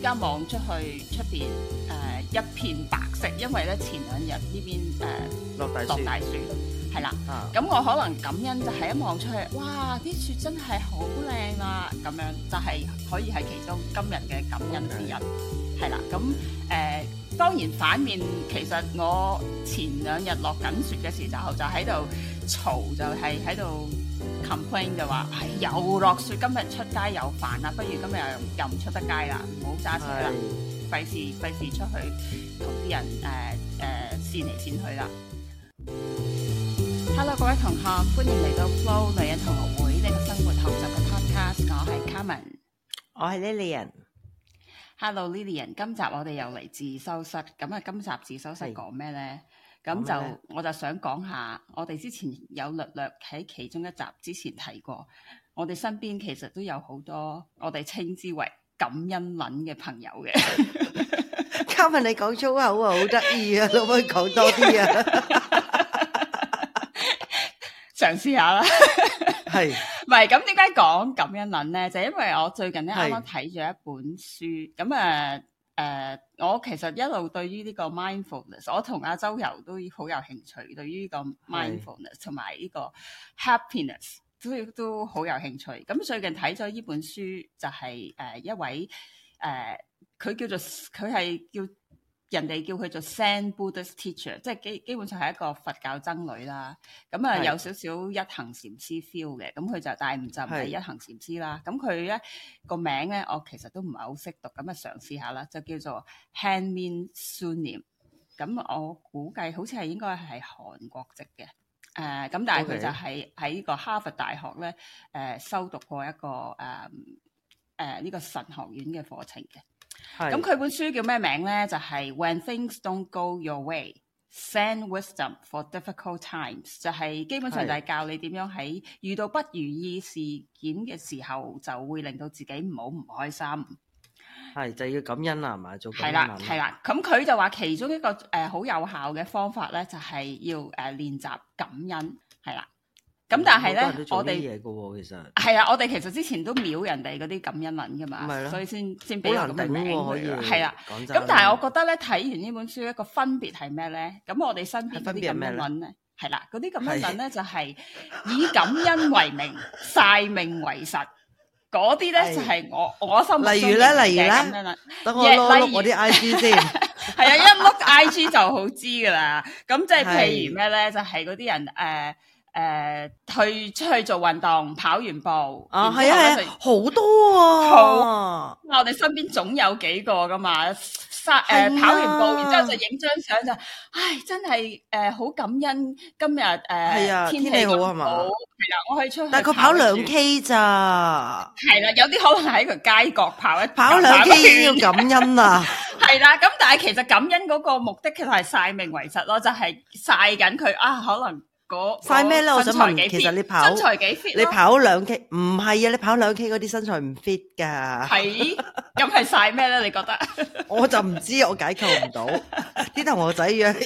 而家望出去出邊誒一片白色，因為咧前兩日呢邊誒、呃、落，落大雪，係啦。咁、啊、我可能感恩就係一望出去，哇！啲雪真係好靚啦、啊，咁樣就係可以係其中今日嘅感恩之日。係啦的。咁誒、呃、當然反面，其實我前兩日落緊雪嘅時候就，就喺度嘈，就係喺度。complain 就話係、哎、又落雪，今日出街又煩啦，不如今日又唔出得街啦，唔好揸車啦，費事費事出去同啲人誒誒先嚟先去啦。 Hello，各位同學，歡迎嚟到 Flow 女人同學會呢個生活學習嘅 podcast，我係 c a r m e n 我係 Lillian。Hello，Lillian，今集我哋又嚟自修室，咁啊今集自修室講咩咧？咁就、oh、man. 我就想講下，我哋之前有略略喺其中一集之前提過，我哋身邊其實都有好多我哋稱之為感恩撚嘅朋友嘅。Carmen，你講粗口啊，好得意啊，可唔可以講多啲啊？嘗試下啦，係，唔係咁？點解講感恩撚咧？就因為我最近咧啱啱睇咗一本書，咁啊。Uh, 誒、uh, 我其實一路對於呢個 mindfulness，我同阿周游都好有興趣，對於呢個 mindfulness 同埋呢是個 happiness 都都好有興趣。咁最近睇咗呢本書就係、是、誒、uh, 一位誒佢、uh, 叫做佢係叫。人哋叫佢做 Zen Buddhist Teacher，即係基基本上係一個佛教僧侶啦。咁、嗯、啊，的有少少一行禪師 feel 嘅。咁佢就但唔就唔係一行禪師啦。咁佢咧個名咧，我其實都唔係好識讀。咁啊，嘗試下啦，就叫做 Haemin Sunim、嗯。咁我估計好似係應該係韓國籍嘅。誒、呃、咁，但係佢就係喺個哈佛大學咧誒、呃、修讀過一個誒誒呢個神學院嘅課程嘅。咁佢本書叫咩名咧？就係、是、When Things Don't Go Your Way, send wisdom for difficult times。就係基本上就係教你點樣喺遇到不如意事件嘅時候，就會令到自己唔好唔開心。係，就是、要感恩啦，係嘛？做係啦，係啦。咁佢就話其中一個誒好、呃、有效嘅方法咧，就係、是、要誒練習感恩，係啦。咁但係咧，我哋其係啊，我哋其實之前都秒人哋嗰啲感恩撚噶嘛，所以先先俾咁嘅名。係啦，咁但係我覺得咧，睇完呢本書一個分別係咩咧？咁我哋身邊嗰啲感恩撚咧，係啦，嗰啲感恩撚咧就係以感恩為名，曬命為實。嗰啲咧就係我我心。例如咧，例如咧，等我碌碌我啲 I G 先，係啊，一碌 I G 就好知噶啦。咁即係譬如咩咧？就係嗰啲人誒。誒，去出去做運動，跑完步，係啊，好多啊，好，我哋身邊總有幾個噶嘛，晒誒跑完步，然之後就影張相就，唉，真係誒好感恩今日誒天氣咁好，係啦，我可以出去。但係佢跑兩 K 咋？係啦，有啲可能喺個街角跑，跑兩 K 要感恩啊。係啦，咁但係其實感恩嗰個目的其實係晒命為實咯，就係晒緊佢啊，可能。晒咩咧？我想問，其實你跑身材幾 fit？你跑兩 K，唔係啊！你跑兩 K 嗰啲身材唔 fit 噶。係咁係晒咩咧？你覺得？ 我就唔知，我解構唔到。呢同我仔約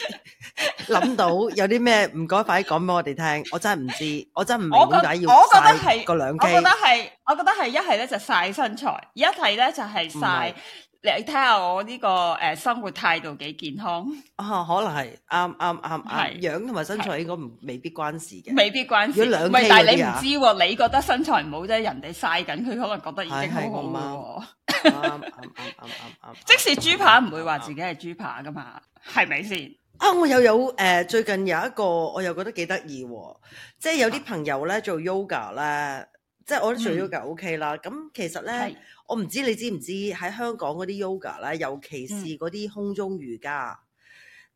諗到有啲咩唔該快啲講俾我哋聽，我真係唔知，我真係唔明點解要晒個兩 K 我。我覺得係，我覺得係，一係咧就晒、是、身材，一係咧就係、是、晒。你睇下我呢個誒生活態度幾健康啊？可能係啱啱啱啱，樣同埋身材應該唔未必關事嘅，未必關事。唔係，但係你唔知喎，你覺得身材唔好啫，人哋曬緊佢，可能覺得已經好好喎。啱啱啱啱啱，即使豬扒唔會話自己係豬扒㗎嘛，係咪先？啊，我又有誒，最近有一個，我又覺得幾得意喎，即係有啲朋友咧做 Yoga 咧。即係我都做瑜伽 OK 啦。咁其實咧，我唔知你知唔知喺香港嗰啲 Yoga 咧，尤其是嗰啲空中瑜伽，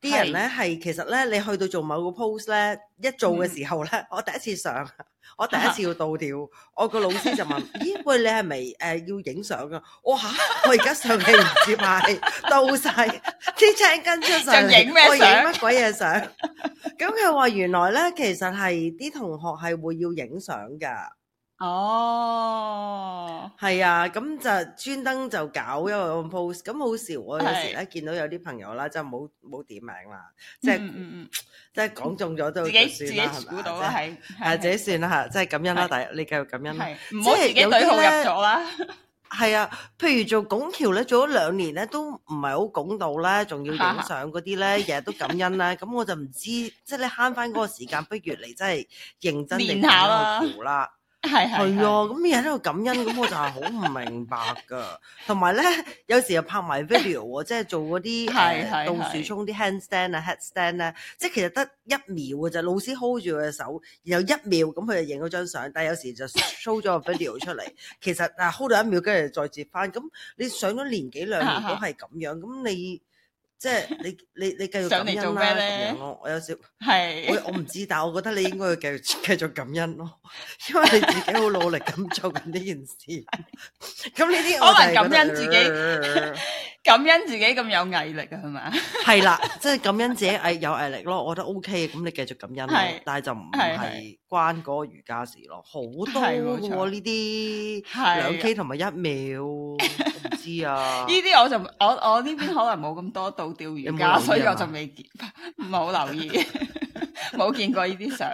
啲人咧係其實咧，你去到做某個 pose 咧，一做嘅時候咧，我第一次上，我第一次要倒掉，我個老師就問：咦，喂，你係咪誒要影相噶？哇我而家上去唔接拍，倒晒啲青筋出嚟，影咩？我影乜鬼嘢相？咁佢話原來咧，其實係啲同學係會要影相噶。哦，係啊，咁就專登就搞一個 pose。咁好笑，我有時咧見到有啲朋友啦，就冇冇點名啦，即係即係講中咗就自己自己估到啦，係係自己算啦吓，即係感恩啦，但係你繼續感恩啦，唔好自己對號入座啦。係啊，譬如做拱橋咧，做咗兩年咧，都唔係好拱到咧，仲要影相嗰啲咧，日日都感恩啦。咁我就唔知，即係你慳翻嗰個時間，不如嚟真係認真練下啦。係係啊，咁你喺度感恩，咁 我就係好唔明白噶。同埋咧，有時又拍埋 video， 即係做嗰啲倒豎蔥啲 handstand 啊、headstand 咧的、呃，即係其實得一秒噶啫。就係、老師 hold 住佢嘅手，然後一秒咁佢就影咗張相。但係有時就 show 咗個 video 出嚟， 其實嗱 hold 到一秒，跟住再接翻。咁你上咗年幾兩年都係咁樣，咁你。即係你你你繼續感恩啦，嚟做咩呢？我有時係，我我唔知，但係我覺得你應該要繼續繼續感恩咯，因為你自己好努力咁做緊呢件事。咁呢啲可能感恩自己，感恩自己咁有毅力啊，係咪？係啦，即係感恩自己毅有毅力咯。我覺得 O K，咁你繼續感恩啦。但係就唔係關嗰個瑜伽事咯，好多噶喎呢啲兩 K 同埋一秒，唔知啊。呢啲我就我我呢邊可能冇咁多度。釣魚噶，所以我就未冇留意，冇 見過呢啲相。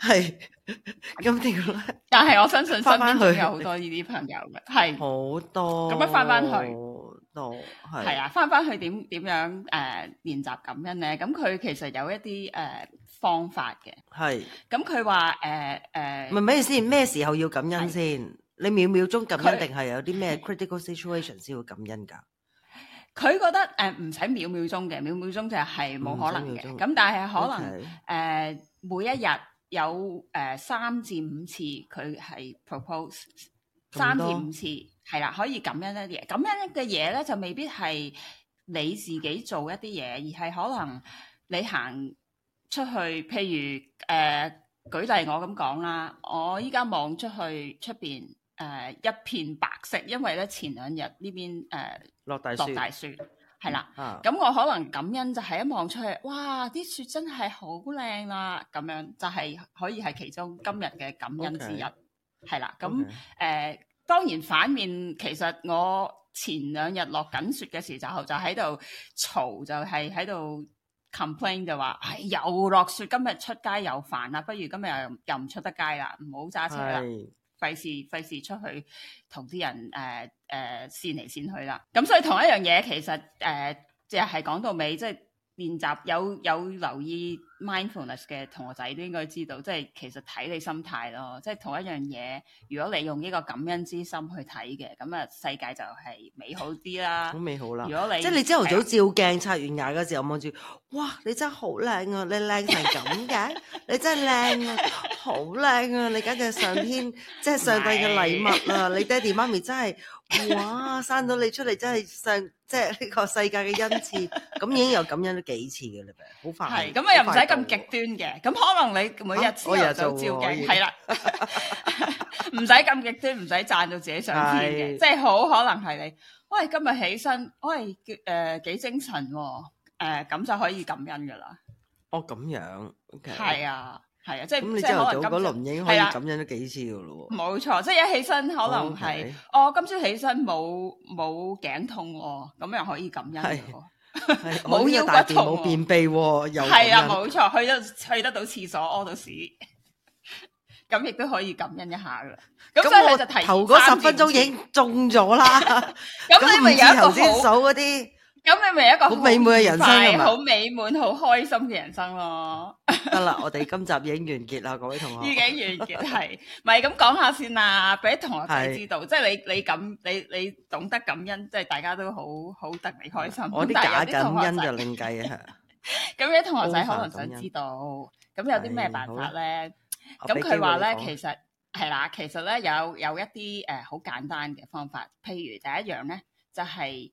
係，咁點但係我相信身邊回去了有多好多呢啲朋友嘅，係好多，多。咁樣翻翻去，多係啊！翻翻去點點樣誒練習感恩咧？咁、嗯、佢其實有一啲誒、呃、方法嘅，係是。咁佢話誒誒，唔係唔係先，咩、呃呃、時候要感恩先？你秒秒鐘感恩定係有啲咩 critical situation 先會感恩㗎？佢覺得誒唔使秒秒鐘嘅，秒秒鐘就係冇可能嘅。咁但係可能誒每一日有誒三至五次，佢係 propose 三至五次係啦，可以感恩一啲嘢。感恩嘅嘢咧就未必係你自己做一啲嘢，而係可能你行出去，譬如誒舉例，我咁講啦，我依家望出去出邊。誒、呃、一片白色，因為咧前兩日呢邊誒落大落大雪，係啦。咁、嗯啊、我可能感恩就係一望出去，哇！啲雪真係好靚啦，咁樣就係可以係其中今日嘅感恩之一。係 Okay. 啦，咁誒 Okay.、呃、當然反面，其實我前兩日落緊雪嘅時就就喺度嘈，就係喺度 complain 就話、compl 話係、哎、又落雪，今日出街又煩啦，不如今日又唔出得街啦，唔好揸車啦。費事出去同啲人誒誒先嚟先去啦，咁所以同一樣嘢其實誒，淨係講到尾，即係練習有有留意 mindfulness 嘅同學仔都應該知道，即係其實睇你心態咯。即係同一樣嘢，如果你用呢個感恩之心去睇嘅，咁啊世界就係美好啲啦。好美好啦！如果你即係你朝頭早照鏡擦完牙嗰時候望住，哇！你真係好靚啊！你靚成咁嘅，你真係靚啊！好靚啊！你簡直係上天，即係上帝嘅禮物啊！你爹哋媽咪真係，哇！生到你出嚟真係上，即係呢個世界嘅恩賜。咁已經有感恩咗幾次嘅嘞，好快。係咁啊，又唔使，咁極端嘅，咁可能你每日朝都照鏡，係啦、啊，唔使咁極端，唔使讚到自己上天嘅，是即係好可能係你。喂，今日起身，喂，誒、呃、幾精神喎？誒、呃、咁就可以感恩噶啦。哦，咁樣，係、okay. 啊，係啊，啊嗯、即係咁。你朝頭早嗰輪已經可以感恩咗幾次噶咯？冇、啊、錯，即係一起身可能係，我 Okay.、哦、今朝起身冇冇頸痛喎，咁又可以感恩。 冇腰骨痛，冇、哎、便，便秘，又係啊，冇錯、啊，去到去得到廁所屙到屎，咁亦都可以感恩一下噶。咁那我就提頭嗰十分鐘已經中咗啦。咁你咪有頭先數嗰啲。 咁你咪一個好美滿嘅人生，係咪？好美滿、好開心嘅人生咯。得啦，我哋今集已經完結啦，各位同學。已經完結係，咪咁講下先啦，俾同學仔知道，即係你你感你你懂得感恩，即係大家都好好得你開心。我啲假感恩就另計啊。咁啲同學仔可能想知道，咁有啲咩辦法咧？咁佢話咧，其實係啦，其實咧有有一啲誒好簡單嘅方法，譬如第一樣咧就係。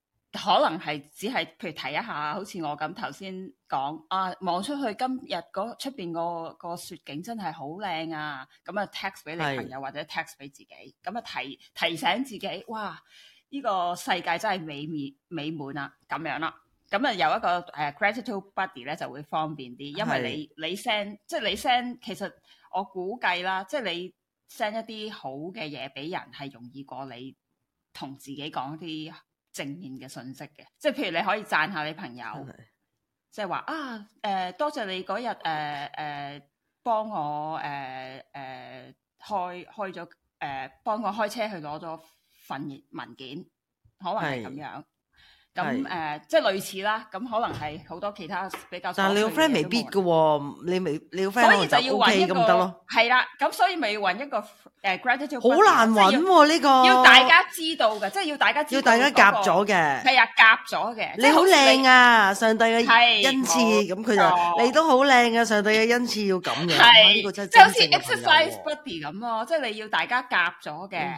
可能係只係譬如提一下，好似我咁頭先講啊，望出去今日嗰出邊嗰個個雪景真係好靚啊！咁啊，text 俾你朋友是或者 text 俾自己，咁啊提提醒自己，哇！呢、這個世界真係美滿美滿啦，咁、啊、樣啦，咁啊有一個誒 gratitude buddy 咧就會方便啲，因為你是你 send 即係你 send，其實我估計啦，即係你 send 一啲好嘅嘢俾人係容易過你同自己講啲。正面嘅信息嘅，即係譬如你可以讚下你朋友，的即係話啊，誒、呃，多謝你嗰日誒誒，幫、呃呃、我誒誒、呃、開開咗誒，幫、呃、我開車去攞咗份文件，可能係咁樣。咁誒，即係類似啦。咁可能係好多其他比較。但係你個 friend 未必嘅，你未你個 friend 可能就 O K 咁得咯。係啦，咁所以咪要搵一個誒，gratitude 好難搵呢個。要大家知道嘅，即係要大家要大家夾咗嘅。係啊，夾咗嘅。好靚啊！上帝嘅恩賜，咁佢就你都好靚啊！上帝嘅恩賜要咁樣，呢個真係。即係好似 exercise buddy 咁咯，即係你要大家夾咗嘅。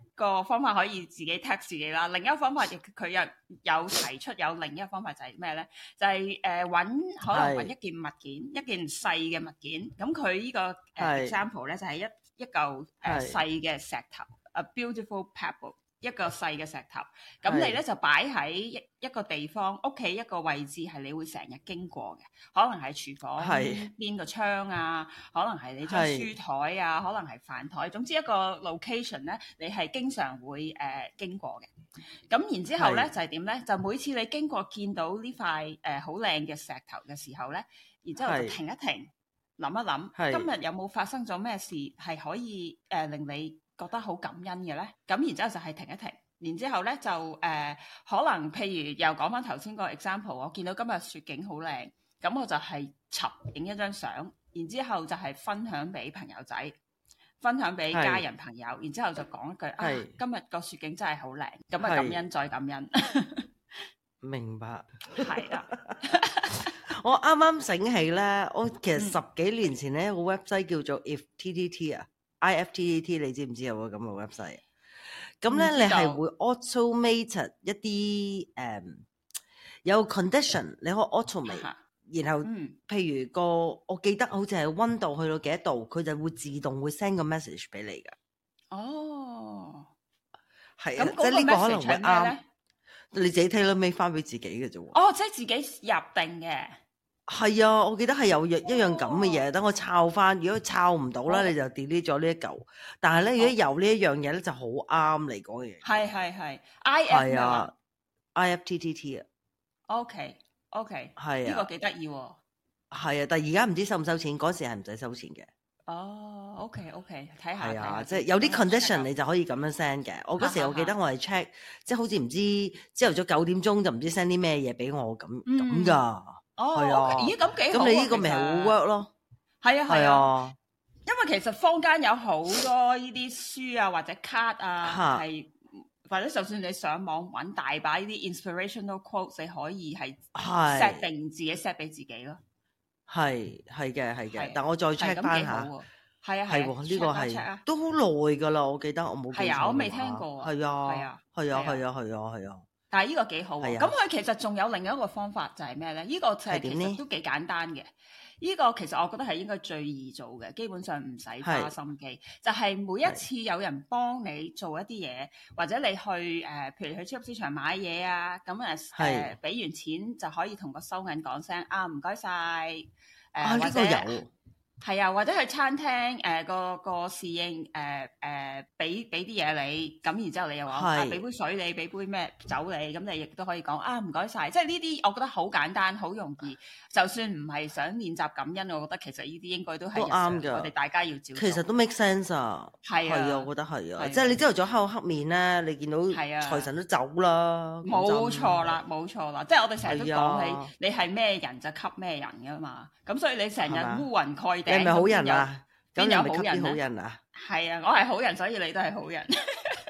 個方法可以自己 test 自己啦。另一個方法亦佢又有提出，有另一個方法就係咩咧？就係誒揾可能揾一件物件，是一件細嘅物件。咁、嗯、佢呢個誒 example 咧就係、是、一一嚿誒、呃、是細嘅石頭，a beautiful pebble。一個細嘅石頭，咁你咧就擺喺一一個地方，屋企一個位置係你會成日經過嘅，可能係廚房係邊個窗啊，可能係你張書台啊，可能係飯台，總之一個 location 咧，你係經常會誒經過嘅。咁然之後咧就係點咧？就每次你經過見到呢塊誒好靚嘅石頭嘅時候咧，然之後停一停，諗一諗今日有冇發生咗咩事係可以誒令你。覺得好感恩嘅咧，咁然之後就係停一停，然之後咧就誒可能譬如又講翻頭先個 example，我見到今日雪景好靚，咁我就係拍影一張相，然之後就係分享俾朋友仔，分享俾家人朋友，然之後就講一句：今日個雪景真係好靚。咁啊感恩再感恩。明白。係啊，我啱啱醒起啦，我其實十幾年前咧個 website 叫做 IFTTT 啊。IFTTT 你知唔知有個咁嘅 website？咁咧、嗯、你係會 automated 一啲誒、嗯、有 condition 你可以 automate，然後譬如個我記得好似係溫度去到幾多度，佢就會自動會 send 個 message 俾你㗎。哦，係啊的，那那即係呢個可能會啱你自己睇到尾翻俾自己嘅啫喎。哦，即係自己入定嘅。係啊，我記得係有一一樣咁嘅嘢，等我抄翻。如果抄唔到啦，你就 delete 咗呢一嚿。但係咧，如果有呢一樣嘢咧，就好啱嚟講嘅。係係係，I F 啊，I F T T T 啊。O K O K，係啊，呢個幾得意喎。係啊，但係而家唔知收唔收錢？嗰時係唔使收錢嘅。哦，O K O K，睇下。係啊，即係有啲 condition 你就可以咁樣 send 嘅。我嗰時我記得我係 check，即係好似唔知朝頭早九點鐘就唔知 send 啲咩嘢俾我咁咁㗎。哦，咦，咁幾咁你呢個咪好 work 咯？係啊係啊，因為其實坊間有好多呢啲書啊或者卡啊係，或者就算你上網搵大把呢啲 inspirational quotes，你可以係 set 定自己 set 俾自己咯。係係嘅係嘅，但我再 check 翻下，係啊，係呢個係都好耐噶啦。我記得我冇，係啊，我未聽過，係啊係啊係啊係啊係啊。但係呢個幾好喎，咁佢的其實仲有另一個方法就係咩咧？呢、呢個就係其實都幾簡單嘅，呢的個其實我覺得係應該最易做嘅，基本上唔使花心機。的就係每一次有人幫你做一啲嘢，的或者你去誒、呃，譬如去超級市場買嘢啊，咁誒誒，俾、呃、的完錢就可以同個收銀講聲啊，唔該晒誒，或者。」係啊，或者去餐廳誒個個侍應誒誒俾俾啲嘢你，咁然之後你又話啊俾杯水你，俾杯咩酒你，咁你亦都可以講啊唔該晒。即係呢啲我覺得好簡單，好容易。就算唔係想練習感恩，我覺得其實呢啲應該都係啱嘅。我哋大家要照。其實都 make sense 啊，係啊，係啊，我覺得係啊，即係你朝頭早黑黑面咧，你見到財神都走啦，冇錯啦，冇錯啦，即係我哋成日都講起你係咩人就吸咩人噶嘛，咁所以你成日烏雲蓋地。你係咪好人啊？咁人咪吸好人啊！係啊，我係好人，所以你都係好人。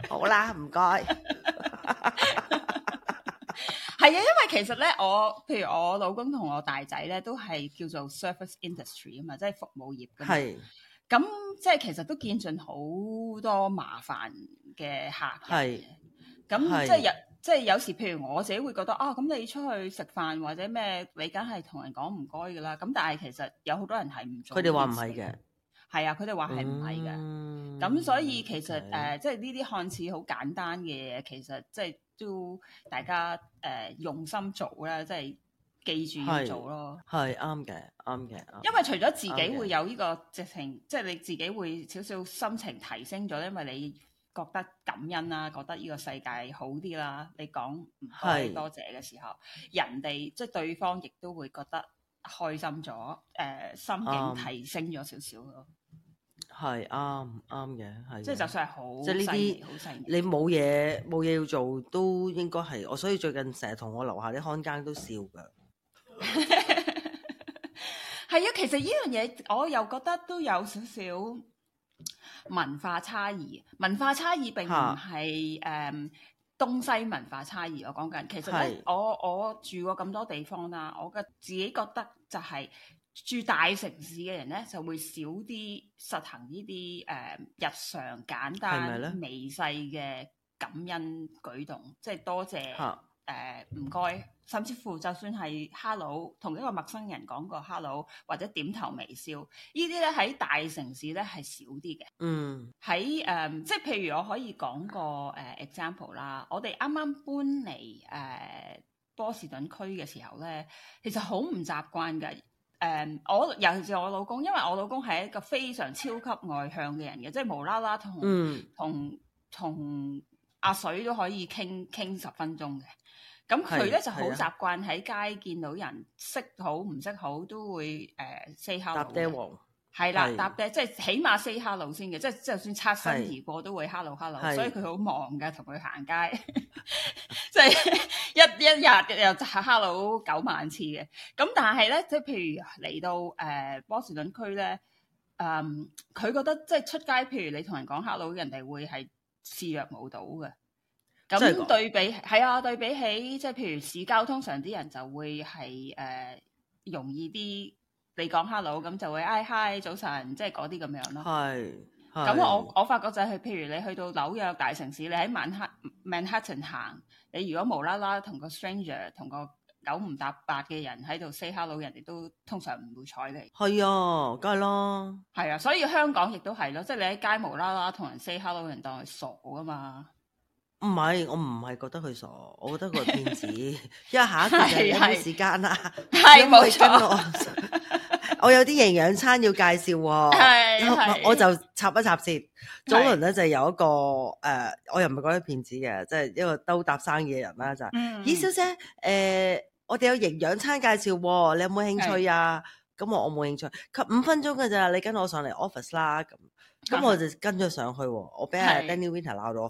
好啦，唔該。係啊，因為其實咧，我譬如我老公同我大仔咧，都係叫做 service industry 啊嘛，即係服務業咁。係是。咁即係其實都見盡好多麻煩嘅客。係是。咁即係有。即係有時，譬如我自己會覺得啊，咁你出去食飯或者咩，你梗係同人講唔該㗎喇。咁但係其實有好多人係唔做。佢哋話唔係嘅，係啊，佢哋話係唔係嘅。咁、嗯、所以其實誒 okay.、呃，即係呢啲看似好簡單嘅嘢，其實即係都大家誒、呃、用心做啦，即係記住要做咯。係啱嘅，啱嘅。嗯嗯嗯嗯嗯、因為除咗自己會有呢個直情，即係你自己會少少心情提升咗，因為你。覺得感恩啦、啊，覺得呢個世界好啲啦、啊。你講唔可多謝嘅時候，是人哋即係對方亦都會覺得開心咗，誒、呃、心境提升咗少少咯。係啱啱嘅，係即係就算係好即係呢啲好細你冇嘢冇嘢要做，都應該係我。所以最近成日同我樓下啲看更都笑㗎。係啊， 其實呢樣嘢我又覺得都有少少文化差異，文化差異並唔係誒東西文化差異。我講緊其實咧，是我我住過咁多地方啦，我嘅自己覺得就係、是、住大城市嘅人咧，就會少啲實行呢啲誒日常簡單微細嘅感恩舉動，嗎即係多謝，謝、啊。誒，唔該、呃，甚至乎就算係 hello，同一個陌生人講個 hello，或者點頭微笑，呢啲咧喺大城市咧係少啲嘅。嗯，喺誒、呃，即係譬如我可以講個誒 example 啦。呃、我哋啱啱搬嚟誒、呃、波士頓區嘅時候咧，其實好唔習慣㗎。誒、呃，我尤其是我老公，因為我老公係一個非常超級外向嘅人嘅，即係無啦啦同同同阿水都可以傾傾十分鐘嘅。咁佢咧就好習慣喺街見到人的識好唔識好都會誒 say、呃、hello，係啦，搭、啊、的即係、就是、起碼 say hello 先嘅，即、就、係、是、就算擦身而過的都會 hello hello，的所以佢好忙嘅，同佢行街，即 係 一一日又就係 hello 九萬次嘅。咁但係咧，即係譬如嚟到誒、呃、波士頓區咧，嗯，佢覺得即係出街，譬如你同人講 hello，人哋會係視若無睹嘅。咁、嗯、是對比係啊，對比起即係譬如市交通上啲人就會係誒、呃、容易啲你講 hello，咁就會 h 嗨，嗨，早晨，即係嗰啲咁樣咯。係，咁、嗯、我我發覺就係、是、譬如你去到紐約大城市，你喺晚黑曼哈頓行，你如果無啦啦同個 stranger 同個九唔搭八嘅人喺度 say hello，人哋都通常唔會睬你。係啊，梗係啦，係啊，所以香港亦都係咯，即係你喺街無啦啦同人 say hello，人當係傻㗎嘛。唔係，我唔係覺得佢傻，我覺得佢騙子。因為下一個有段時間啦，因為跟我，我有啲營養餐要介紹喎。我就插一插先。早輪咧就有一個誒，我又唔係講啲騙子嘅，即係一個兜搭生意嘅人啦，就係。咦，小姐誒，我哋有營養餐介紹，你有冇興趣啊？咁我我冇興趣，吸五分鐘嘅咋，你跟我上嚟 office 啦。咁咁我就跟咗上去，我俾阿 Danny Winter 鬧咗。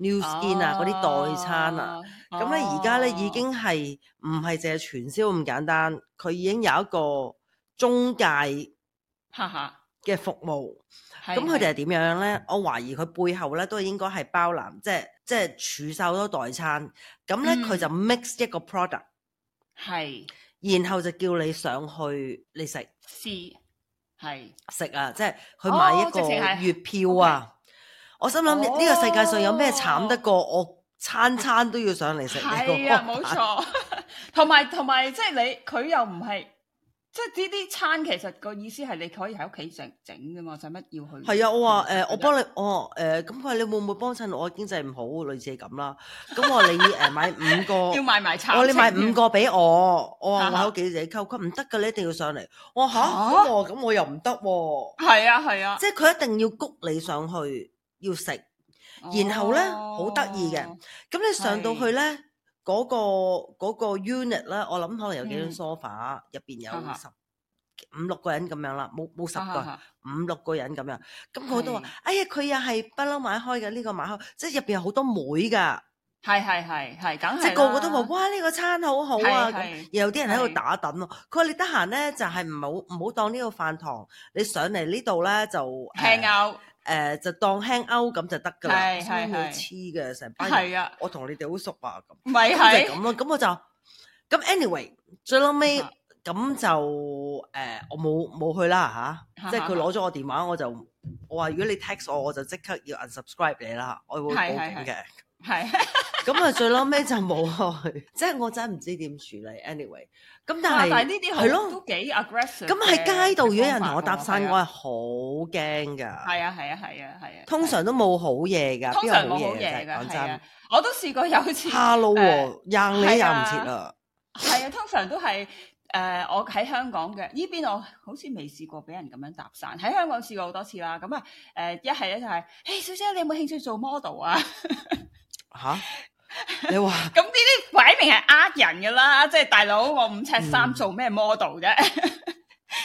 New Skin 啊，嗰啲代餐啊，咁咧而家咧已經係唔係淨係傳銷咁簡單，佢已經有一個中介，哈哈嘅服務，咁佢哋係點樣咧？是是我懷疑佢背後咧都應該係包攬，就是，即係即係儲售咗代餐，咁咧佢就 mix 一個 product，係，是然後就叫你上去你食，試，係食啊，即、就、係、是、去買一個月票啊。 我心諗呢個世界上有咩慘得過我餐餐都要上嚟食？係啊，冇錯。同埋同埋，即係你佢又唔係，即係呢啲餐其實個意思係你可以喺屋企整整噶嘛？使乜要去？係啊，我話誒，我幫你，哦，誒咁佢話你會唔會幫襯我？經濟唔好，類似係咁啦。咁我你誒買五個，要買埋餐？我你買五個俾我。我話我喺屋企自己溝，佢唔得噶，你一定要上嚟。我吓咁我咁我又唔得。係啊係啊，即係佢一定要谷你上去。要食，然後咧好得意嘅，咁你上到去咧嗰個嗰個 unit 啦，我諗可能有幾張 sofa 入邊有十五六個人咁樣啦，冇冇十個，五六個人咁樣，咁佢都話：，哎呀，佢又係不嬲買開嘅呢個買開，即係入邊有好多妹噶，係係係係，梗即係個個都話：，哇，呢個餐好好啊！咁，又有啲人喺度打躉咯。佢話你得閒咧就係唔好唔好當呢個飯堂，你上嚟呢度咧就聽牛。誒、呃、就當輕勾咁就得㗎啦，所以黐嘅成班人。的我同你哋好熟啊，咁咁就咁，咁我就。Anyway，最撚尾咁就誒、呃，我冇冇去啦嚇，啊、 即係佢攞咗我電話，我就我話如果你 text 我，我就即刻要 unsubscribe 你啦，我會報警嘅。係係係係係咁啊！最嬲咩就冇開，即係我真係唔知點處理。Anyway，咁但係呢啲係咯，都幾 aggressive。咁喺街道如果有人同我搭訕，我係好驚噶。係啊，係啊，係啊，係啊，通常都冇好嘢噶，通常冇好嘢噶。講真，我都試過有次，哈囉，讓你讓唔切啦。係啊，通常都係誒，我喺香港嘅呢邊，我好似未試過俾人咁樣搭訕。喺香港試過好多次啦。咁啊，誒，一係咧就係誒，小姐你有冇興趣做 model 啊？吓、啊、你話咁呢啲擺明係呃人噶啦，即係大佬我五尺三做咩 model 啫？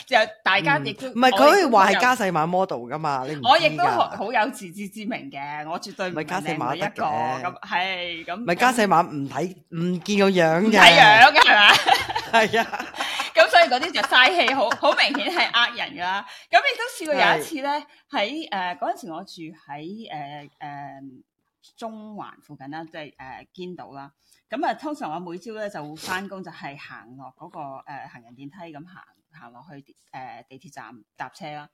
就 大家亦都唔係佢可以話係加細碼 model 噶嘛？你我亦都好，好有自知之明嘅，我絕對唔係加細碼一個咁，係咁。唔係加細碼唔睇唔見個樣嘅，唔睇樣嘅係嘛？係 是啊，咁 所以嗰啲就嘥氣，好好明顯係呃人噶啦。咁亦都試過有一次咧，喺誒嗰陣時我住喺誒誒。呃呃嗯中環附近啦，即係誒堅道啦。咁啊，通常我每朝咧就會返工，那個，就係行落嗰個行人電梯咁行，行落去誒地、呃、地鐵站搭車啦。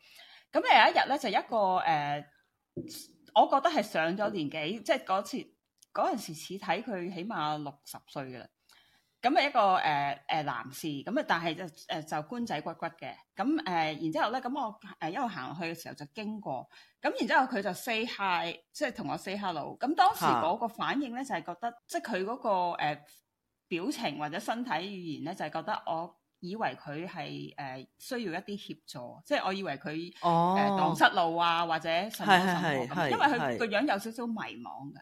咁有一日咧，就一個誒、呃，我覺得係上咗年紀，即係嗰次嗰陣時似睇佢起碼六十歲嘅啦。咁啊一個誒誒、呃呃、男士，咁啊但係就誒、呃、就官仔骨骨嘅，咁誒、呃、然之後咧，咁我誒一路行落去嘅時候就經過，咁然之後佢就 say hi，即係同我 say hello，咁當時個反應咧就係、是、覺得，即係佢、嗰個誒、呃、表情或者身體語言咧就係、是、覺得我以為佢係誒需要一啲協助，即係我以為佢誒蕩失路啊或者甚麽甚麽，哦、因為佢個樣有少少迷茫嘅。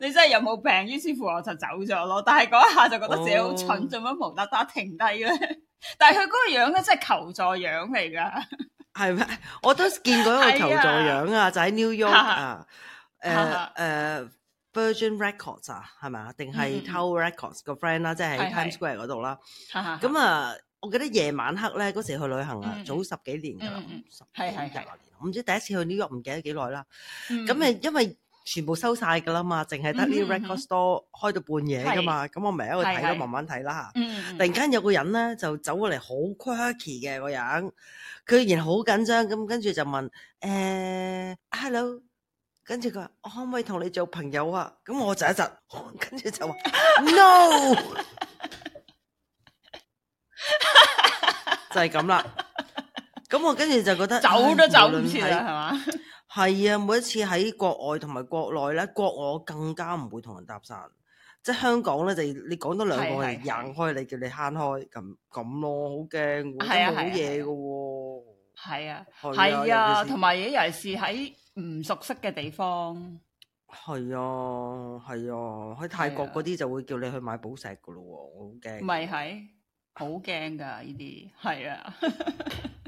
你真係有冇病？於是乎我就走咗咯。但係嗰一下就覺得自己好蠢，做乜無得打停低咧？但係佢嗰個樣咧，真係求助樣嚟噶。係咩？我都見過一個求助樣啊，就喺 New York 啊，誒誒 Virgin Records 啊，係咪啊？定係 Tower Records 個 friend 啦，即係喺 Times Square 嗰度啦。咁啊，我記得夜晚黑咧嗰時去旅行啊，早十幾年噶啦，係係廿年，唔知第一次去 New York 唔記得幾耐啦。咁啊，因為。全部收晒㗎啦嘛，淨係得呢 record store 開到半夜㗎嘛，咁我咪喺度睇咯，是是慢慢睇啦嚇。嗯、突然間有個人咧就走過嚟，好 quirky 嘅個人，佢然好緊張，咁跟住就問誒、欸、hello，跟住佢話我可唔可以同你做朋友啊？咁我就一窒，跟住就話 no，就係咁啦。咁我跟住就覺得走都走唔切係嘛？ 係啊，每一次喺國外同埋國內咧，國外更加唔會同人搭訕。即係香港咧就你講多兩個人，讓開你，叫你慳開咁咁咯，好驚，好嘢嘅喎。係啊，係啊，同埋而家尤其是喺唔熟悉嘅地方。係啊，係啊，喺泰國嗰啲就會叫你去買寶石噶咯，我好驚。咪係，好驚㗎呢啲，係啊。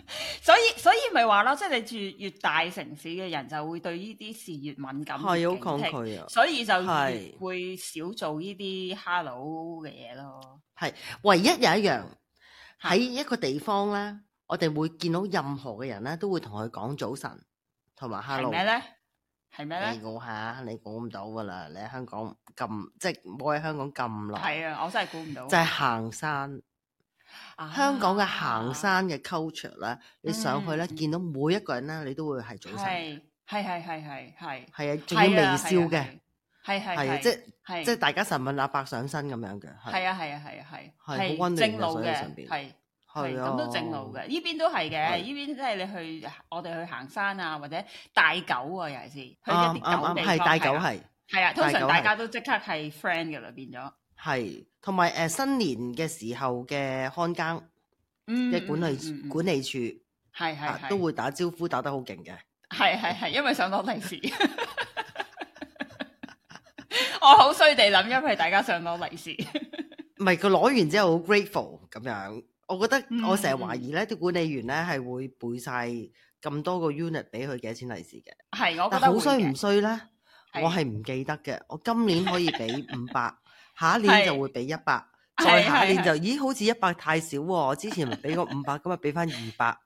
所以所以咪話咯，即係你住越大城市嘅人，就會對呢啲事越敏感，係好抗拒啊。所以就係會少做呢啲 hello 嘅嘢咯。係唯一有一樣喺一個地方咧，我哋會見到任何嘅人咧，都會同佢講早晨同埋 hello。咩咧？係咩咧？你估下，你估唔到噶啦！你喺香港咁即係冇喺香港咁耐，係啊！我真係估唔到，就係行山。香港嘅行山嘅 culture 咧，你上去咧見到每一個人咧，你都會係早晨，係係係係係係啊，仲要微笑嘅，係係啊，即係即係大家神問阿伯上山咁樣嘅，係啊係啊係啊係，好溫暖嘅。正路嘅，係係咁都正路嘅，呢邊都係嘅，呢邊即係你去我哋去行山啊，或者帶狗啊，尤其係，係帶狗係，係啊，通常大家都即刻係 friend 嘅啦，變咗。係，同埋誒新年嘅時候嘅看更、嘅管理管理處，係係都會打招呼打得好勁嘅，係係係，因為想攞利是，我好衰地諗，因為大家想攞利是，唔係佢攞完之後好 grateful 咁樣，我覺得我成日懷疑咧，啲管理員咧係會背晒咁多個 unit 俾佢幾多錢利是嘅，係，我覺得好衰唔衰咧，我係唔記得嘅，我今年可以俾五百。下年就會俾一百，再下年就咦，好似一百太少喎。之前咪俾個五百，今日俾翻二百。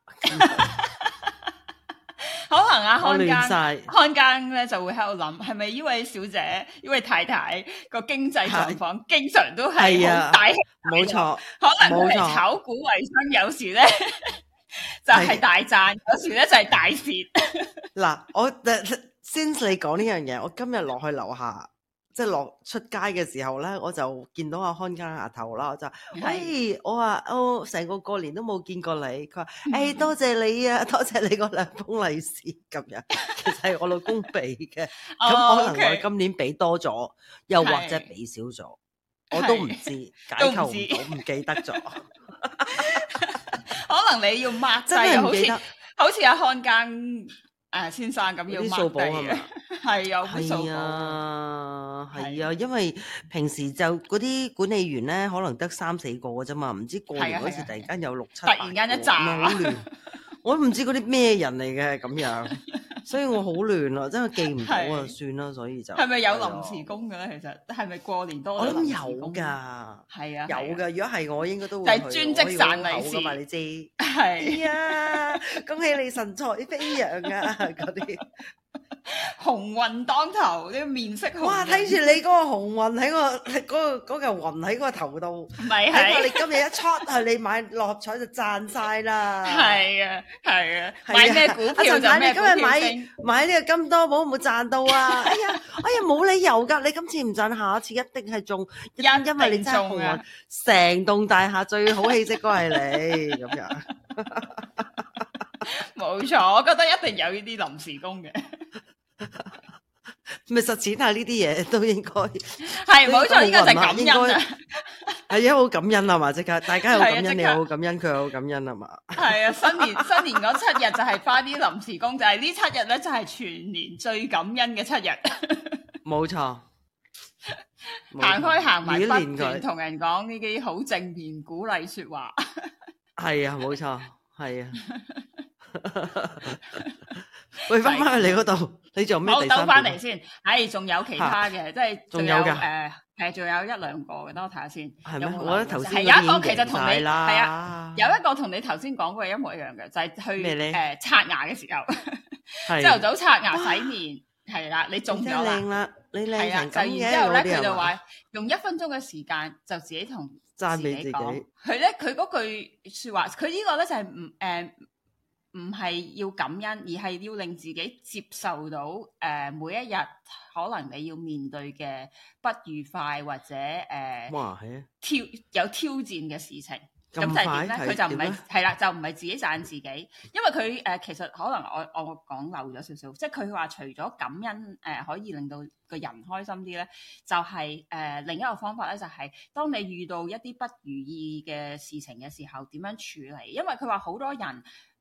可能阿看更看更咧就會喺度諗，係咪呢位小姐、呢位太太個經濟狀況經常都係好抵？冇錯，可能冇炒股為生，有時咧就係大賺，有時咧就係大蝕。嗱，我誒 s i 你講呢樣嘢，我今日落去樓下。即係落出街嘅時候咧，我就見到阿看更阿頭啦，我就，喂，我話我成個過年都冇見過你，佢話，誒、欸，多謝你啊，多謝你嗰兩封利是，今日其實係我老公俾嘅，咁、 哦、可能我今年俾多咗，哦 okay. 又或者俾少咗，是我都唔知，是解構唔到，唔 記得咗，可能你要抹真滯，好似好似阿看更。啊！先生咁要掃地係嘛？係啊，啲係啊，係啊，因為平時就嗰啲管理員咧，可能得三四個嘅啫嘛，唔知過年嗰時、啊啊啊、突然間有六七突然間一百個， 我都唔知嗰啲咩人嚟嘅咁樣。 所以我好亂啊，真係記唔到啊，算啦，所以就係咪有臨時工嘅咧？其實係咪過年多臨時工？我諗有㗎，係 啊，啊有嘅。如果係我應該都會係專職散利是嘛？你知係啊？恭喜你神采飛揚啊！嗰啲。鴻運當頭，啲面色好。哇，睇住你嗰個鴻運喺個嗰、那個嗰嚿雲喺個頭度，睇怕你今日一出去，你買六合彩就賺晒啦。係 啊，係啊，買咩股票就咩。阿、啊、你今日買 買呢個金多寶有冇賺到啊？哎呀，哎呀，冇理由噶，你今次唔賺，下一次一定係中。因、啊、因為你真係鴻運，成棟大廈最好氣息都係你咁樣。 冇錯，我覺得一定有呢啲臨時工嘅，咪實踐下呢啲嘢都應該係冇錯，應該感恩嘅，係啊，好感恩係嘛？即刻大家好感恩，你好感恩，佢好感恩係嘛？係啊，新年新年嗰七日就係花啲臨時工，就係呢七日咧，就係全年最感恩嘅七日。冇錯，行開行埋不斷同人講呢啲好正面鼓勵說話，係啊，冇錯，係啊。喂，翻翻去你嗰度，你做咩？我收翻嚟先。係仲有其他嘅，即係仲有誒誒，仲有一兩個嘅。等我睇下先。係咩？我覺得頭先係有一個其實同你係啊，有一個同你頭先講過嘅一模一樣嘅，就係去誒刷牙嘅時候，朝頭早刷牙洗面係啦。你仲有啦，你靚啦，就然之後咧，佢就話用一分鐘嘅時間就自己同自己講讚美自己。佢咧，佢嗰句說話，佢呢個咧就係唔誒。唔係要感恩，而係要令自己接受到誒、呃、每一日可能你要面對嘅不愉快或者誒，呃、哇係啊挑有挑戰嘅事情。咁就係點咧？佢就唔係係啦，就唔係自己讚自己，因為佢誒、呃、其實可能我我講漏咗少少，即係佢話除咗感恩誒、呃、可以令到個人開心啲咧，就係、是、誒、呃、另一個方法咧，就係、是、當你遇到一啲不如意嘅事情嘅時候點樣處理，因為佢話好多人。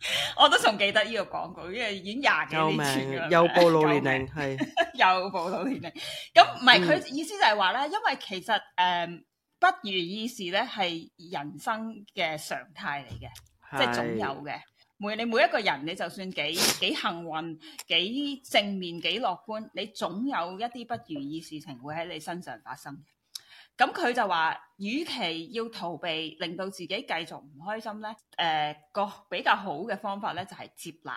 我都仲記得呢個廣告，因為已經廿幾年前啦。有暴露年齡，係，有暴露年齡。咁唔係，佢意思就係話咧，因為其實誒、嗯，不如意事咧係人生嘅常態嚟嘅，是即係總有嘅。每你每一個人，你就算幾幾幸運、幾正面、幾樂觀，你總有一啲不如意事情會喺你身上發生嘅。咁佢就話，與其要逃避，令到自己繼續唔開心呢誒、呃、個比較好嘅方法呢，就係接納，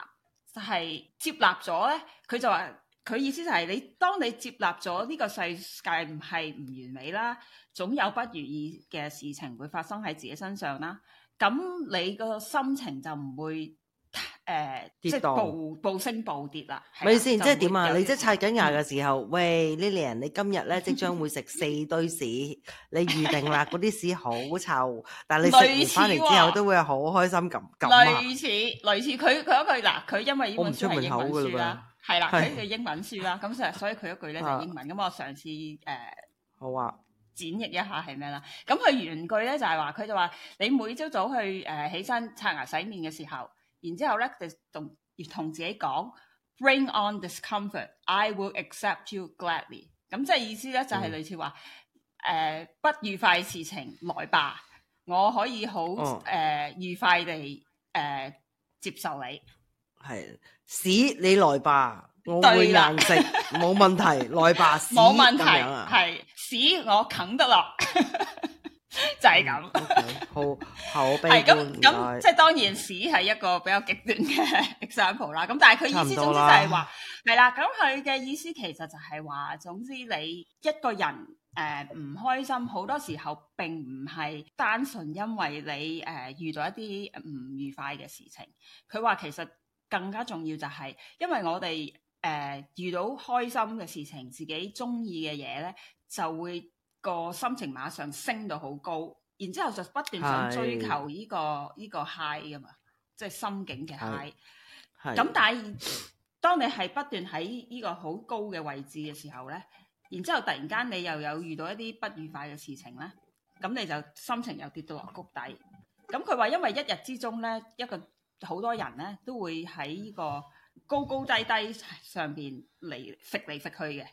係、就係、接納咗呢，佢就話佢意思就係你當你接納咗呢個世界唔係唔完美啦，總有不如意嘅事情會發生喺自己身上啦，咁你個心情就唔會。誒跌到，暴暴升暴跌啦，係咪先？即係點啊？你即係刷緊牙嘅時候，喂，Lily，你今日咧即將會食四堆屎，你預定啦，嗰啲屎好臭，但係你食完翻嚟之後都會好開心咁咁啊！類似類似佢佢一句嗱，佢因為呢本書係英文書啦，係啦，係英文書啦，咁所以佢一句咧就英文。咁我嘗試誒，好啊轉譯一下係咩啦？咁佢原句咧就係話，佢就話你每朝早去誒起身刷牙洗面嘅時候。然之後咧，就同同自己講，Bring on discomfort，I will accept you gladly。咁即係意思咧，就係類似話，誒、嗯呃，不愉快事情來吧，我可以好誒、哦呃、愉快地誒、呃、接受你。係屎你來吧，我會難食，冇對了 問題，來吧屎，冇問題，係樣屎我啃得落。 就係咁，口口鼻係咁咁，即係當然屎係一個比較極端嘅 example 啦。咁但係佢意思總之就係話係啦。咁佢嘅意思其實就係話，總之你一個人誒唔開心，好多時候並唔係單純因為你誒遇到一啲唔愉快嘅事情。佢話其實更加重要就係，因為我哋誒遇到開心嘅事情，自己中意嘅嘢咧，就會。個心情馬上升到好高，然之後就不斷想追求呢、呢個依的個 high 啊嘛，即係心境嘅 high。咁的但係當你係不斷喺呢個好高嘅位置嘅時候咧，然之後突然間你又有遇到一啲不愉快嘅事情咧，咁你就心情又跌到落谷底。咁佢話因為一日之中咧，一個好多人咧都會喺呢個高高低低上邊嚟揈嚟揈去嘅。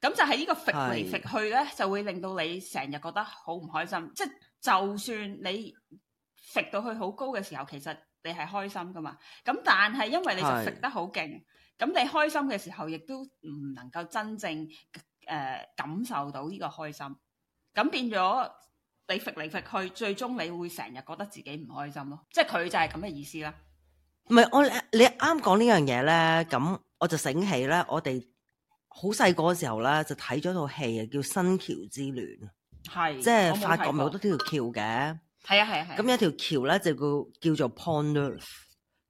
咁就喺呢個揈嚟揈去咧，就會令到你成日覺得好唔開心。即係就算你揈到去好高嘅時候，其實你係開心噶嘛。咁但係因為你就揈得好勁，咁你開心嘅時候，亦都唔能夠真正誒感受到呢個開心。咁變咗你揈嚟揈去，最終你會成日覺得自己唔開心咯。即係佢就係咁嘅意思啦。唔係我你啱講呢樣嘢咧，咁我就醒起咧，我哋。好細個嘅時候咧，就睇咗套戲啊，叫《新橋之戀》。係是。即係是法國咪好多條橋嘅。係啊係啊係。咁、啊、有條橋咧就叫叫做 Ponder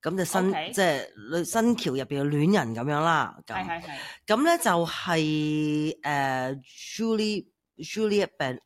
咁就新 Okay. 即係新橋入邊嘅戀人咁樣啦。係係係。咁咧就係、是、誒、uh, Julie Juliette Ben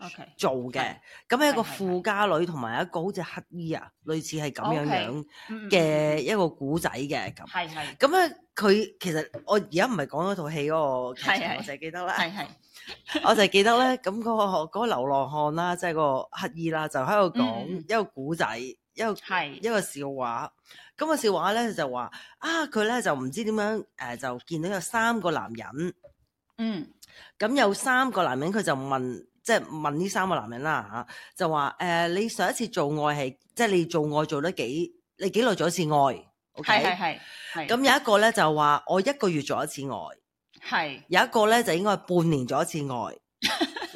O.K. 做嘅，咁一個富家女同埋一個好似乞衣啊，類似係咁樣樣嘅一個古仔嘅咁。係係咁咧，佢其實我而家唔係講嗰套戲咯，我就係記得啦。係係，我就記得咧，咁嗰個個流浪漢啦，即係個乞衣啦，就喺度講一個古仔，一個係一個笑話。咁個笑話咧就話啊，佢咧就唔知點樣誒，就見到有三個男人。嗯，咁有三個男人，佢就問。即係問呢三個男人啦吓、啊，就話誒、呃，你上一次做愛係即係你做愛做得幾你幾耐做一次愛？OK，係係係。咁有一個咧就話我一個月做一次愛，係是有一個咧就應該係半年做一次愛。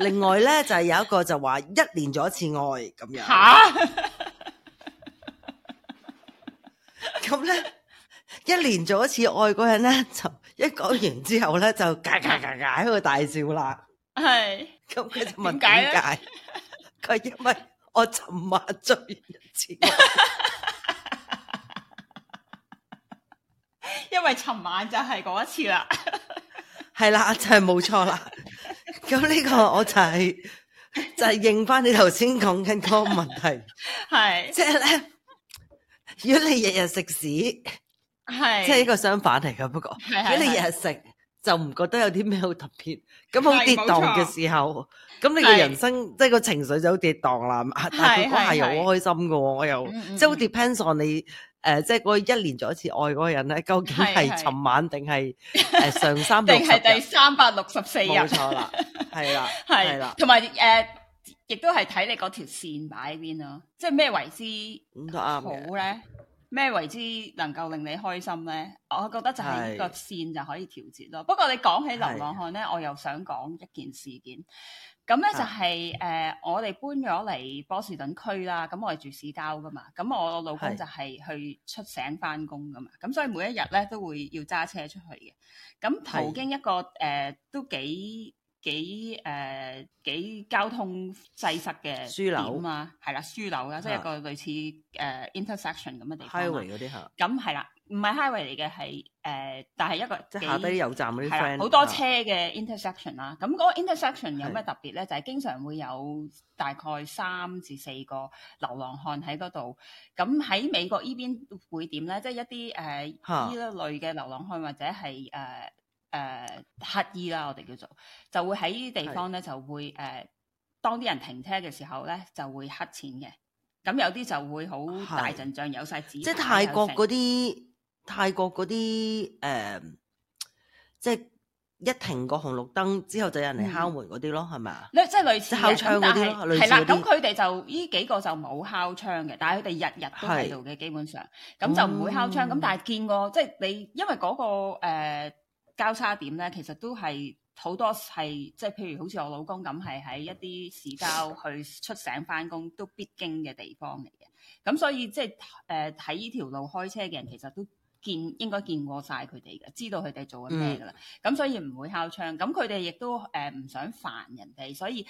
另外咧就有一個就話一年做一次愛咁樣。吓， 咁咧一年做一次愛嗰人咧就一講完之後咧就㗎㗎㗎㗎喺度大笑啦。係。咁佢就問點解？佢話 因為我尋晚追一次，因為尋晚就係嗰一次啦。係啦，就係、是、冇錯啦。咁 呢個我就係、是、就係應翻你頭先講緊嗰個問題，係即係咧。如果你日日食屎，係即係個相反嚟噶，不過的如果你日日食。就唔覺得有啲咩好特別，咁好跌宕嘅時候，咁你嘅人生是即係個情緒就好跌宕啦。是但係佢嗰下又好開心嘅喎，我又即係好、嗯嗯、depends on 你誒、呃，即係嗰一年做一次愛嗰個人咧，究竟係尋晚定係誒上三百定係第三百六十四日？冇錯啦，係 啦，係啦，同埋誒，亦都係睇你嗰條線擺喺邊咯，即係咩為之好咧？ 沒錯咩為之能夠令你開心咧？我覺得就係呢個線就可以調節咯。是不過你講起流浪漢咧，我又想講一件事件。咁咧就係、是、誒是、呃，我哋搬咗嚟波士頓區啦。咁我係住市郊㗎嘛。咁我老公就係去出省返工㗎嘛。咁是所以每一日咧都會要揸車出去嘅。咁途經一個誒是、呃，都幾幾誒幾交通擠塞嘅樞紐嘛，係啦樞紐啦，啊、即係一個類似誒、呃、intersection 咁嘅地方、啊、highway 嗰啲吓，咁係啦，唔係 highway 嚟嘅係誒、呃，但係一個即係下低油站嗰啲 friend 好多車嘅 intersection 啦、啊。咁嗰、啊、個 intersection 有咩特別咧？的就係經常會有大概三至四個流浪漢喺嗰度。咁喺美國依邊會點咧？即、就、係、是、一啲誒呢一類嘅流浪漢或者係誒。呃誒，乞衣啦，我哋叫做，就會喺呢啲地方咧，就會誒，當啲人停車嘅時候咧，就會乞錢嘅。咁有啲就會好大陣仗，有晒紙。即係泰國嗰啲，泰國嗰啲誒，即係一停個紅綠燈之後就有人嚟敲門嗰啲咯，係咪啊？即係類似敲窗嗰啲咯，係啦。咁佢哋就呢幾個就冇敲窗嘅，但係佢哋日日都喺度嘅，基本上，咁就唔會敲窗。咁但係見過，即係你因為嗰個誒。交叉點呢，其實都係好多係即係，譬如好似我老公咁，係喺一啲市郊去出省返工都必經嘅地方嚟嘅。咁所以即係誒喺呢條路開車嘅人，其實都見應該見過晒佢哋嘅，知道佢哋做緊咩噶啦。咁、嗯、所以唔會敲窗咁，佢哋亦都誒唔、呃、想煩人哋，所以誒、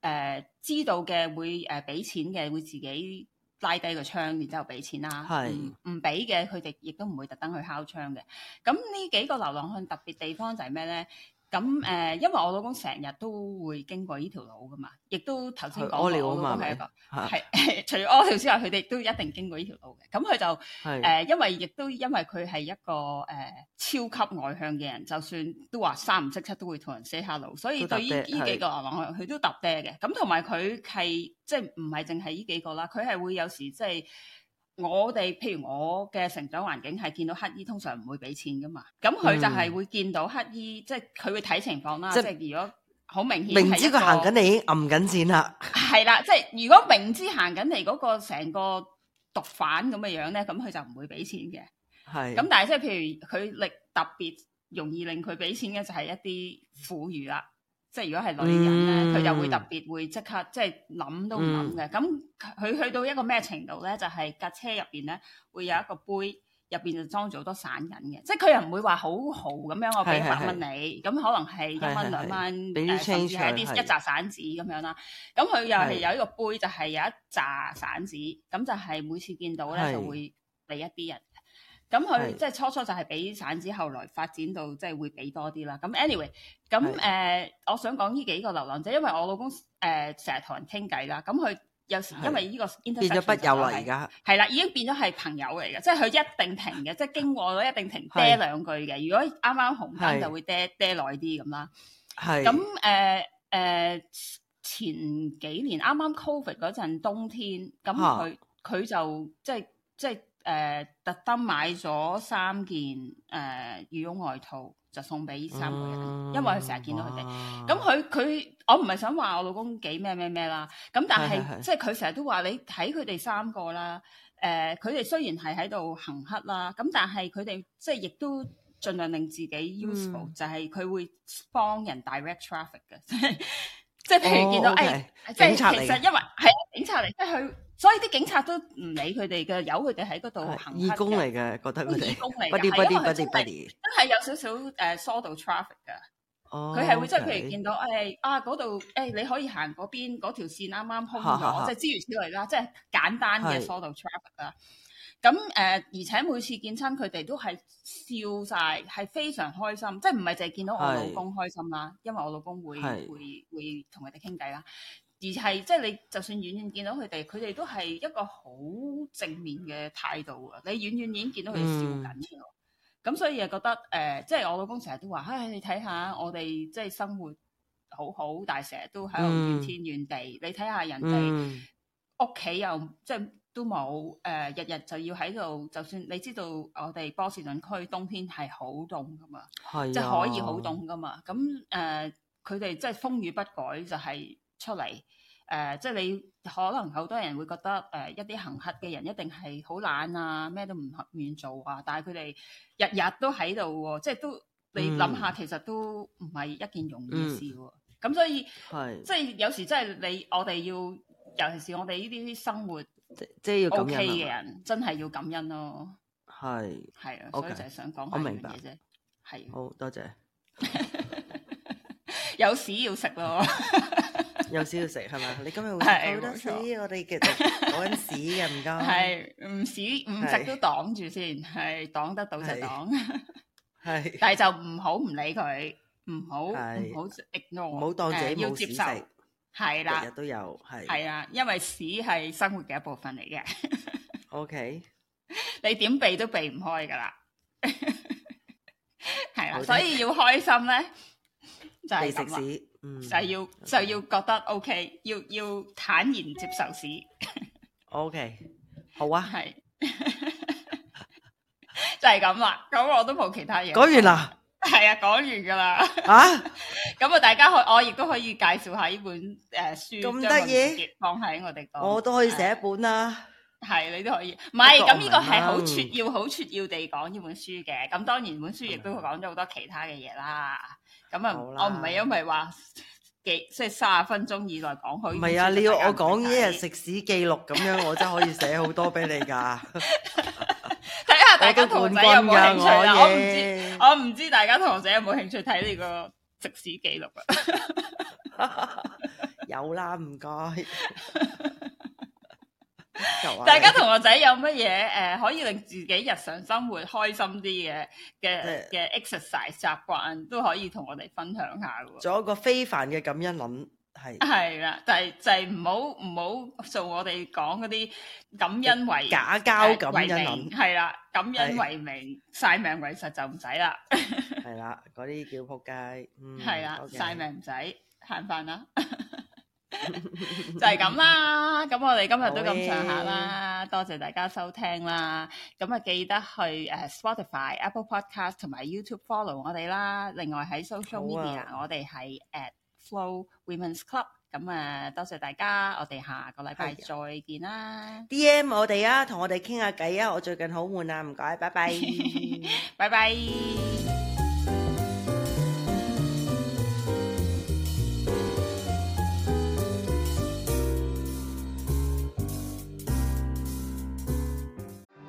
呃、知道嘅會誒俾、呃、錢嘅會自己。拉低個窗，然之後俾錢啦。係唔唔俾嘅，佢哋亦都唔會特登去敲窗嘅。咁呢幾個流浪漢特別地方就係咩咧？咁誒、呃，因為我老公成日都會經過呢條路噶嘛，亦都頭先講過，佢啊嘛，係 一個，係 除咗屙尿之外，佢哋都一定經過呢條路嘅。咁佢就誒、 呃，因為亦都因為佢係一個誒、呃、超級外向嘅人，就算都話三唔識七，都會同人 say hello，所以對於呢幾個阿郎佢都揼爹嘅。咁同埋佢係即係唔係淨係呢幾個啦？佢係會有時即係。我哋，譬如我嘅成長環境係見到乞衣，通常唔會俾錢噶嘛。咁佢就係會見到乞衣，即係佢會睇情況啦。即係如果好明顯，明知佢行緊你已經暗緊錢啦。係啦，即係如果明知行緊嚟嗰個成個毒販咁嘅樣咧，咁佢就唔會俾錢嘅。係。咁但係即係譬如佢力特別容易令佢俾錢嘅就係一啲苦語啦。即係如果係女人咧，佢、嗯、就會特別會即刻即係諗都唔諗嘅。咁佢、嗯、去到一個咩程度咧？就係、是、架車入邊咧，會有一個杯入邊就裝咗好多散銀嘅。即係佢又唔會話好豪咁樣，我俾一百蚊你，咁可能係一蚊兩蚊，甚至係一啲一紮散紙咁樣啦。咁佢又係有一個杯，就係、是、有一紮散紙，咁就係每次見到咧是就會俾一啲人。咁佢即係初初就係俾散紙，後來發展到即係會俾多啲啦。咁 anyway，咁誒是、呃，我想講呢幾個流浪者，就是、因為我老公誒成日同人傾偈啦。咁佢有時因為呢個 internet 變咗不友啦，而家係啦，已經變咗係朋友嚟嘅，即係佢一定停嘅， 即係經過都一定停嗲兩句嘅。如果啱啱紅燈就會嗲嗲耐啲咁啦。係咁誒誒，前幾年啱啱 covid 嗰陣冬天，咁佢佢就即係即係。即即誒、呃，特登買咗三件誒羽絨外套，就送俾三個人，嗯、因為佢成日見到佢哋。咁佢佢，我唔係想話我老公幾咩咩咩啦。咁但係、呃，即係佢成日都話你睇佢哋三個啦。誒，佢哋雖然係喺度行乞啦，咁但係佢哋即係亦都盡量令自己 useful、嗯、就係佢會幫人 direct traffic 嘅。 即係，即係譬如見到誒、哦 okay 哎，即係其實因為係警察嚟，即係佢。所以啲警察都唔理佢哋嘅，由佢哋喺嗰度行。義工嚟嘅，覺得佢哋。義工嚟嘅，係因為真係真係有少少誒疏導 traffic 㗎。哦，佢係會即係譬如見到誒唉、哎、啊嗰度誒，你可以行嗰邊嗰條線啱啱空咗，即係諸如此類啦，即、就、係、是、簡單嘅疏導 traffic 啦。咁誒是、呃，而且每次見親佢哋都係笑曬，係非常開心，即係唔係淨係見到我老公開心啦？是因為我老公會是會會同佢哋傾偈啦。而係即係你，就算遠遠見到佢哋，佢哋都係一個好正面嘅態度啊！你遠遠已經見到佢笑緊咁、嗯、所以又覺得誒、呃，即係我老公成日都話，唉、哎，你睇下我哋即係生活好好，但係成日都喺度怨天怨地。嗯、你睇下人哋屋企又即係都冇誒，日、呃、日就要喺度。就算你知道我哋波士頓區冬天係好凍㗎嘛，呀即係可以好凍㗎嘛。咁誒，佢、呃、哋即係風雨不改就係、是。出嚟誒、呃，即係你可能好多人會覺得誒、呃，一啲行乞嘅人一定係好懶啊，咩都唔願意做啊，但係佢哋日日都喺度、啊，即係都你諗下，其實都唔係一件容易事、啊。咁、嗯嗯、所以是即係有時真係你我哋要，尤其是我哋呢啲生活即係要 OK 嘅人，吧真係要感恩咯。係係是啊，okay, 所以就係想講呢樣嘢啫。係好多謝。 有屎要食咯，有屎要食係咪？你今日好多屎，我哋嘅攞啲屎嘅唔夠，係唔屎唔食都擋住先，係擋得到就擋，係，但係就唔好唔理佢，唔好唔好 ignore，唔好當自己冇屎食，係啦，日日都有，係係啊，因為屎係生活嘅一部分嚟嘅，OK，你點避都避唔開噶啦，係啦，所以要開心咧。就係食屎，就、嗯、係要就要覺得 OK，要要坦然接受屎。 OK，好啊，係 就係咁啦。咁我都冇其他嘢講完啦。係啊，講完噶啦。 啊，咁啊，大家可我亦都可以介紹下呢本誒書。咁得意，放喺我哋度，我都可以寫一本啦，啊。係， 你都可以。唔係，咁呢個係好闊要好撮要地講呢本書嘅。咁當然本書亦都會講咗好多其他嘅嘢啦。咁吧啊，我唔係因為話幾即係三十分鐘以內講佢。唔係啊，你要我講一日食屎記錄咁樣， 我真係可以寫好多俾你噶。睇 下 大家同學仔有冇興趣啦也。我唔知我唔知大家同學仔有冇興趣睇呢個食屎記錄？ 有啦，唔該。 大家同學仔有乜嘢誒，可以令自己日常生活開心啲嘅嘅嘅 exercise 習慣都可以同我哋分享下。做一個非凡嘅感恩撚係係啦，但係就係唔好唔好做我哋講嗰啲感恩為假交感恩撚係啦，感恩為名，曬命為實就唔使啦。係啦，嗰啲叫撲街。係啦，曬命唔使慳飯啦。 就係咁啦，咁我哋今日都咁上下啦，好耶 多謝大家收聽啦，咁啊記得去誒、uh, Spotify、Apple Podcast 同埋 YouTube follow 我哋啦，另外喺 Social Media 我哋係 at Flo Women's Club，咁啊多謝大家，我哋下個禮拜再見啦，DM 我哋啊，同我哋傾下偈啊，我最近好悶啊，唔該，拜拜， 拜拜。